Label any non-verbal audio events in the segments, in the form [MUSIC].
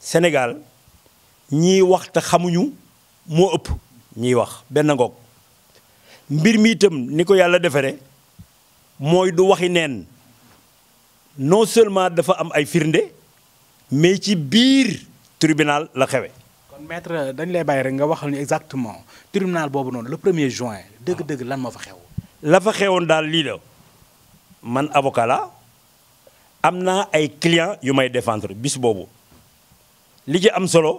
Sénégal ñi wax te xamuñu moo ëpp ñiy wax benn ngoog mbir mi itam ni ko yàlla defaree mooy du waxi neen non seulement dafa am ay firnde mais ci biir tribunal la xewe kon maître dañ lay bàyyi rek nga waxal ñu exactement tribunal boobu noonu le premier juin dëgg-dëgg lan moo fa xew la fa xewoon daal lii la man avocat am naa ay client yu may défendre bis boobu li ci am solo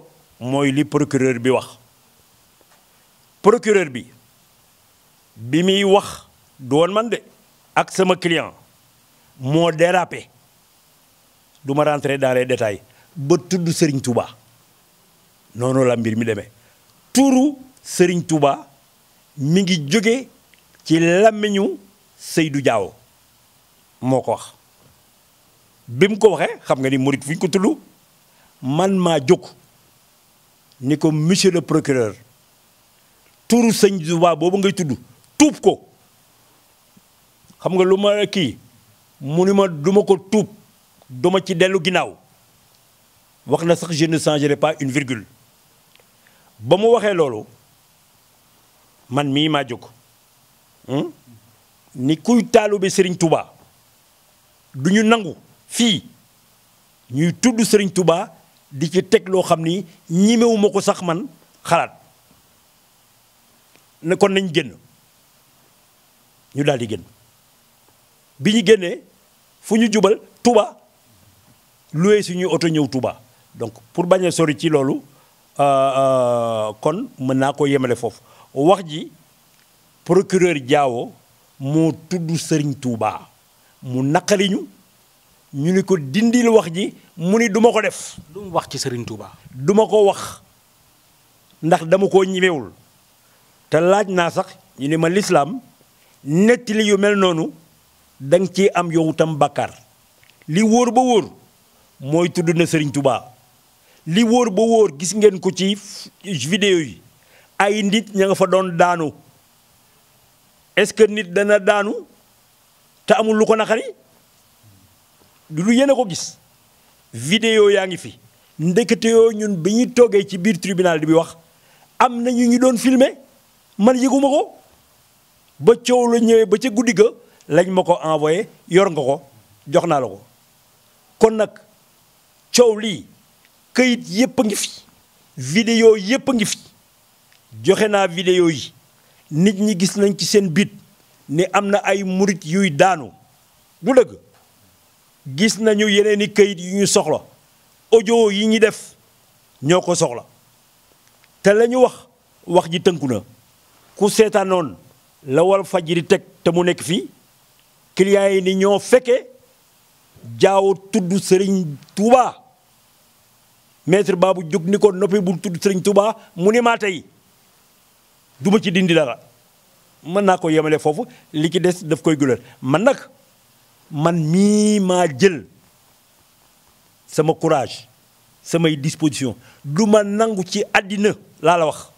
mooy li procureur bi wax procureur bi bi muy wax du woon man de ak sama client moo dérapé du ma rentrer dans les détails ba tudd Serigne Touba noonu la mbir mi demee tuuru Serigne Touba mi ngi jóge ci làmmiñu Seydou moo ko wax bi mu ko waxee xam nga ni murit fu ko tudd. man maa jóg ni ko monsieur le procureur turu sëñ Tuubaa boobu ngay tudd tuub ko xam nga lu ma kii mu ni ma du ko tuub duma ci dellu ginnaaw wax na sax je ne changerai pas une virgule ba mu waxee loolu man mii maa jóg hmm? ni kuy taalibe Serigne Touba du ñu nangu fii ñuy tudd Serigne Touba di ci teg loo xam ni ñimewuma ko sax man xalaat ne kon nañ génn ñu daal di génn bi ñu génnee fu ñu jubal Touba loué suñuy oto ñëw Touba donc pour bañ a sori ci loolu euh, euh, kon mën naa ko yemale foofu wax ji procureur Diawo moo tudd Serigne Touba mu naqariñu ñu ni ko dindil wax ji mu ni du ma ko def. lu wax ci Serigne Touba. du ma ko wax ndax dama koo ñimewul te laaj naa sax ñu ne ma lislaam nettali yu mel noonu da nga ciy am yow tam bàkkaar li wóor ba wóor mooy tudd na Serigne Touba li wóor ba wóor gis ngeen ko ci vidéo yi ay nit ña nga fa doon daanu est-ce que nit dana daanu te amul lu ko naqari du lu ko gis. vidéo yaa ngi fi ndekete yoo ñun bi ñuy toogee ci biir tribunal bi wax am na ñu ñu doon filmer man yëguma ko ba coow la ñëwee ba ca guddi ga lañ ma ko envoyé yor nga ko jox naa la ko kon nag coow lii këyit yépp a ngi fi vidéo yépp a ngi fi joxe naa vidéo yi nit ñi gis nañ ci seen biit ni am na ay murit yuy daanu bu dëgg gis nañu yeneen i kayit yu ñu soxla ojo yi ñu def ñoo ko soxla te lañu wax wax ji tënku na ku seetaanoon la Walf Fadjri teg te mu nekk fii clients yi ni ñoo fekkee jaaw tudd Serigne Touba maître Babou jóg ni ko noppi bul tudd Serigne Touba mu ni maa tey du ma ci dindi dara mën naa ko yemale foofu li ci des daf koy gulal man nag. man mii ma jël sama courage samay disposition du ma nangu ci àddina laa la wax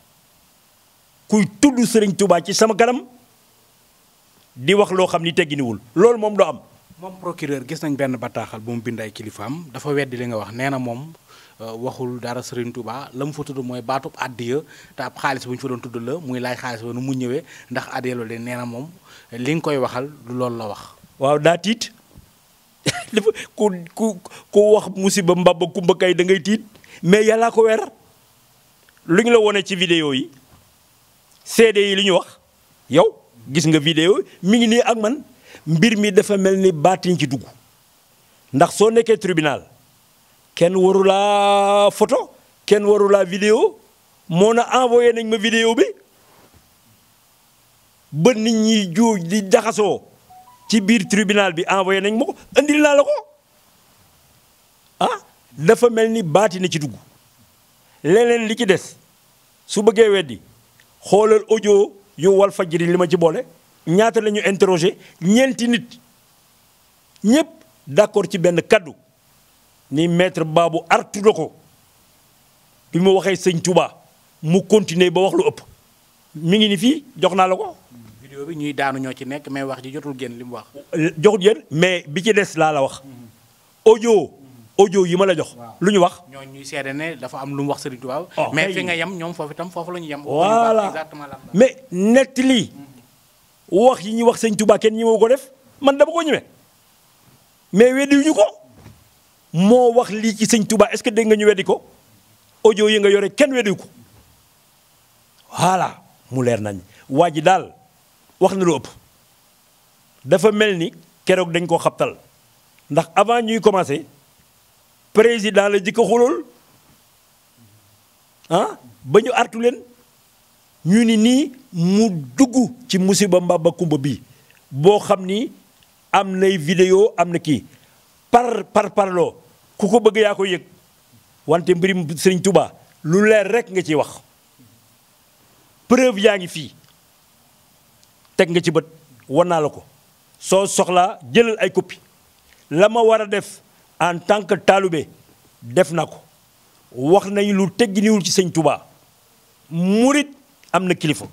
kuy tudd sëriñ Touba ci sama kanam di wax loo xam ni tegginiwul loolu moom doo am. moom procureur gis nañ benn bataaxal bu mu bind ay kilifaam dafa weddi li nga wax nee na moom euh, waxul dara Serigne Touba la mu fa tudd mooy baatub addiya te ab xaalis bu ñu fa doon tudd la muy laaj xaalis ba nu mu ñëwee ndax addiya loolu nee na moom li nga koy waxal du loolu la wax. waaw daa tiit [LAUGHS] ku ku ku wax musiba mbaba kumba kay da tiit mais yàllaa ko wer lu ñu la wone ci vidéo yi CD yi li ñu wax yow gis nga vidéo mi ngi nii ak man mbir mi dafa mel ni baatiñ ci dugg ndax soo nekkee tribunal kenn waru laa photo kenn waru laa vidéo moo na envoyé nañ ma vidéo bi ba nit ñi juuj di jaxasoo ci biir tribinal bi envoyé nañ ma ko andil naa la ah dafa mel ni baati na ci dugg leneen li ci des su bëggee weddi xoolal audio yu Walfadjri li ma ci boole ñaata la ñu interroger ñeenti nit ñëpp d'accord ci benn kaddu ni maître Babou artu na ko bi mu waxee sëñ Touba mu continuer ba wax lu ëpp mi ngi ni fi jox naa la ko. vidéo ñuy daanu ñoo ci nekk mais wax ji jotul génn li mu wax. Euh, joxut yéen mais bi ci des laa la wax. ojo mm-hmm. ojo yi ma la jox. lu ñu wax. ñooñu ñuy seede ne dafa am lu mu wax Serigne Touba. Oh, mais fi nga yem ñoom foofu itam foofu la ñu yem. voilà mais nett lii. Mm-hmm. wax yi ñuy wax Serigne Touba kenn ñemewu def man dama ko ñeme. mais weddi wu ñu ko. moo wax lii ci Serigne Touba est-ce que dégg nga ñu weddi ko. audio yi nga yore kenn weddi ko. voilà mu leer nañ waa daal. wax na lu ëpp dafa mel ni keroog dañ koo xabtal ndax avant ñuy commencé président la jëkk xulool ah ba ñu artu leen ñu ni nii mu dugg ci musiba ba kumba bi boo xam ni am nay vidéo am na kii par par parloo ku ko bëgg yaa ko yëg wante mbirim sëriñ Touba lu leer rek nga ciy wax preuve yaa ngi fii teg nga ci bët wan naa la ko soo soxlaa jëlal ay copie la ma war a def en tant que taalibe def na ko wax nañu lu tegginiwul ci sëñ Touba murit am na kilifa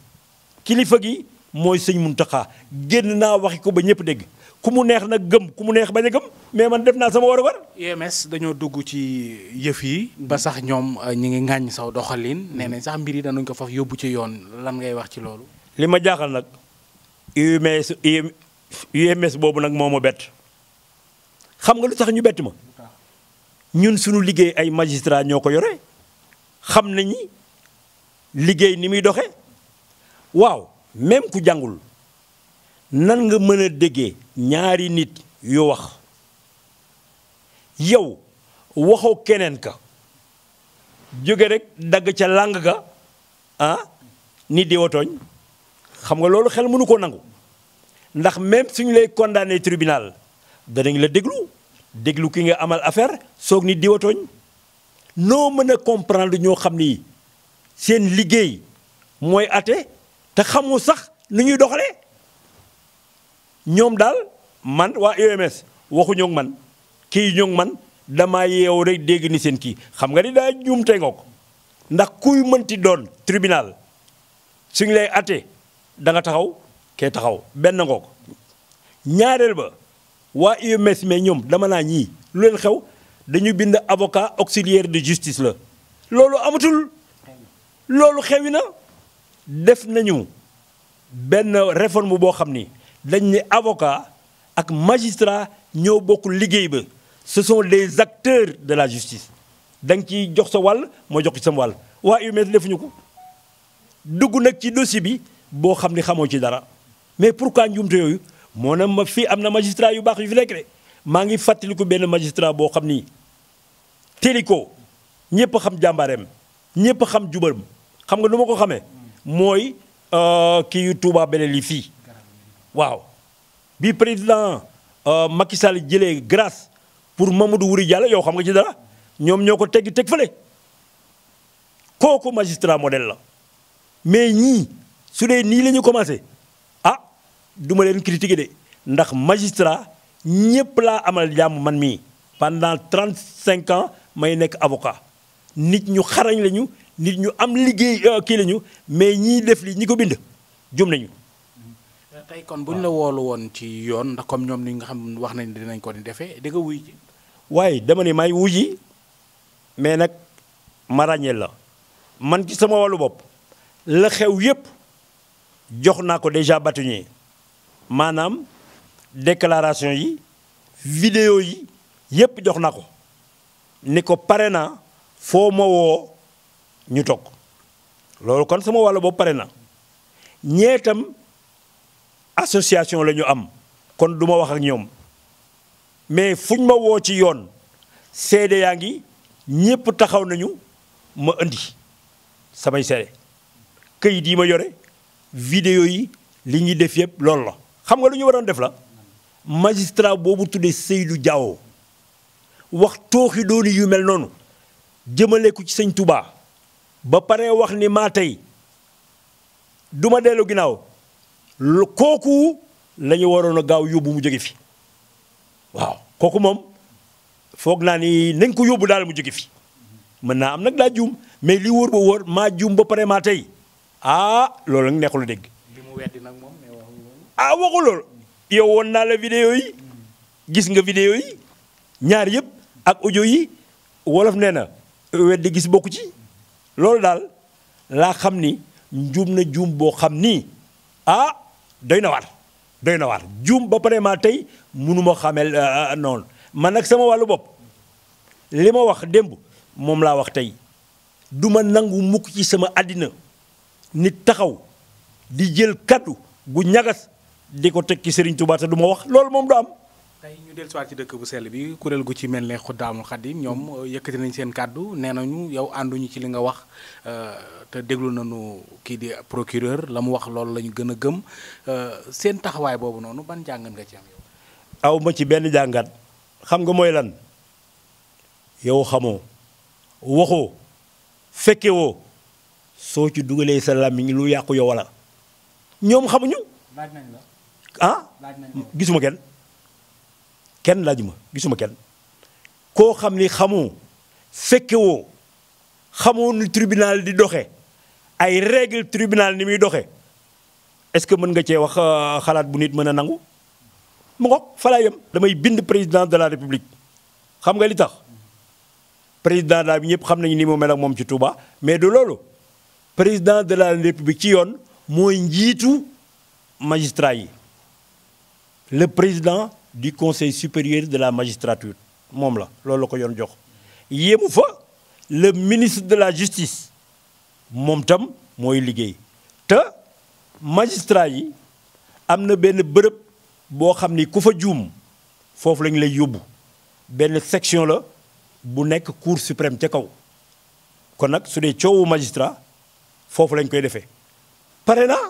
kilifa gi mooy sëñ mun Muntaxa génn naa waxi ko ba ñëpp dégg ku mu neex nag gëm ku mu neex bañ a gëm mais man def naa sama war a war UMS dañoo dugg ci yëf yi ba sax ñoom euh, ñi ngi ŋàññ saw doxalin nee nañ sax mbir yi danañ ko faf yóbbu ci yoon lan ngay wax ci loolu li ma jaaxal nag UMS UMS boobu nag moo ma bett xam nga lu tax ñu bett ma ñun suñu liggéey ay magistrat ñoo ko yore xam nañu liggéey ni muy doxe waaw même ku jàngul nan nga mën a déggee ñaari nit yu wax yow waxoo keneen ka jóge rek dagg ca làng ka ah nit di watooñ xam nga loolu xel mënu koo nangu ndax même suñu lay condamné tribunal danañ la déglu déglu ki nga amal affaire soog ni diwatooñ noo mën a comprendre ñoo xam ni seen liggéey mooy ate te xamu sax nu ñuy doxalee ñoom daal man waa UMS waxuñoo man kii ñoo man dama yeew rek dégg ni seen kii xam nga ni daa juum tey ngoog ndax kuy mënti doon tribunal suñ lay ate da nga taxaw kee taxaw benn ngoog ñaareel ba waa UMS mais ñoom dama naa ñii lu leen xew dañu bind avocat auxiliaire de justice la loolu amatul loolu xewi na def nañu benn réforme boo xam ni dañ ne avocat ak magistrat ñoo bokk liggéey ba ce sont les acteurs de la justice da nga ciy jox sa wàll moo jox ci sam wàll waa UMS defuñu ko dugg nag ci dossier bi boo xam ni xamoo ci dara mais pour njuumte yooyu moo na ma fii am na magistrat yu baax yu fi nekk de maa ngi fàttaliku benn magistrat boo xam ni ko ñëpp xam jàmbaareem ñëpp xam jubaram xam nga nu ma ko xamee mooy euh, kii yu Touba beneen yi fii waaw bi président euh, Macky Sall jëlee grâce pour Mamadou Wuri Diallo yow xam nga ci dara ñoom ñoo ko teggi teg fële kooku magistrat modèle la mais ñii su dee nii lañu ñu commencé ah duma leen critiquer de ndax magistra ñëpp laa amal jàmm man mii pendant 35 ans may nekk avocat nit ñu xarañ lañu nit ñu am liggéey euh, kii lañu mais ñiy def li ñu ko bind jum nañu. tey kon bu la woolu woon ci yoon ndax comme ñoom ni nga xam wax nañ dinañ ko ni defee di nga wuy waaye dama may wuy mais nag ma ràññee la man ci sama wallu bopp la xew yépp jox naa ko déjà bâtonnier maanaam déclaration yi vidéo yi yépp jox na ko ni ko pare na foo ma woo ñu toog loolu kon sama wàll boobu pare na ñeetam association la ñu am kon du ma wax ak ñoom mais fuñ ma woo ci yoon seede yaa ngi ñépp taxaw nañu ma indi samay seede këyit yi ma yore vidéo yi li ñuy def yëpp loolu la xam nga lu ñu waroon def la magistra boobu tuddee Seydou Diao wax tooxi dooni yu mel noonu jëmale ko ci sëñ Touba ba pare wax ni maa tey du ma dellu ginnaaw lu kooku la ñu waroon a gaaw yóbbu mu jóge fi waaw kooku moom foog naa ni nañ ko yóbbu daal mu jóge fi mën naa am nag laa juum mais li wóor ba wóor maa juum ba pare maa tey. ah loolu nag neexul dégg. bi mu nag moom ah waxu loolu. yow won naa la vidéo yi gis nga vidéo yi ñaar yëpp ak audio yi wolof nee na weddi gis bokku ci loolu daal laa xam ni njuum na juum boo xam ni ah doy na waar doy na waar juum ba pare maa tey munu ma xamel euh, euh, man ak sama wàllu bopp li ma wax démb moom laa wax tey du ma nangu mukk ci sama àddina nit taxaw di jël kaddu gu ñagas di ko teg ci Serigne Touba te du ma wax loolu moom du am. tey ñu dellusiwaat ci dëkk bu sell bi kuréel gu ci mel ne Xuddaamul Xadim ñoom mm-hmm. euh, yëkkati nañ seen kàddu nee nañu yow ànduñu ci li nga wax euh, te déglu nañu kii di procureur la mu wax loolu la ñu gën a gëm euh, seen taxawaay boobu noonu ban jàngat nga ci am yow. aw ci benn jàngat xam nga mooy lan yow xamoo waxoo fekkewoo soo ci dugalee sa làmmiñ lu yàqu yow wala ñoom xamuñu. laaj nañ ah. gisuma kenn kenn laajuma gisuma kenn koo xam ni xamu fekke woo xamoo ni tribunal di doxe ay règle tribunal ni muy doxe est-ce que mën nga cee wax euh, xalaat bu nit mën a nangu mu ngoog fa damay bind président de la république xam nga li tax président daal bi ñëpp xam nañu nii mu mel moom ci Touba mais du loolu. président de la république ci yoon mooy njiitu magistrat yi le président du conseil supérieur de la magistrature moom la loolu la ko yoon jox yéemu fa le ministre de la justice moom tam mooy liggéey te magistrat yi am na benn bërëb boo xam ni ku fa juum foofu lañ lay yóbbu benn section la bu nekk cour suprême ca kaw kon nag su dee coowu magistrat foofu lañ koy defee pare na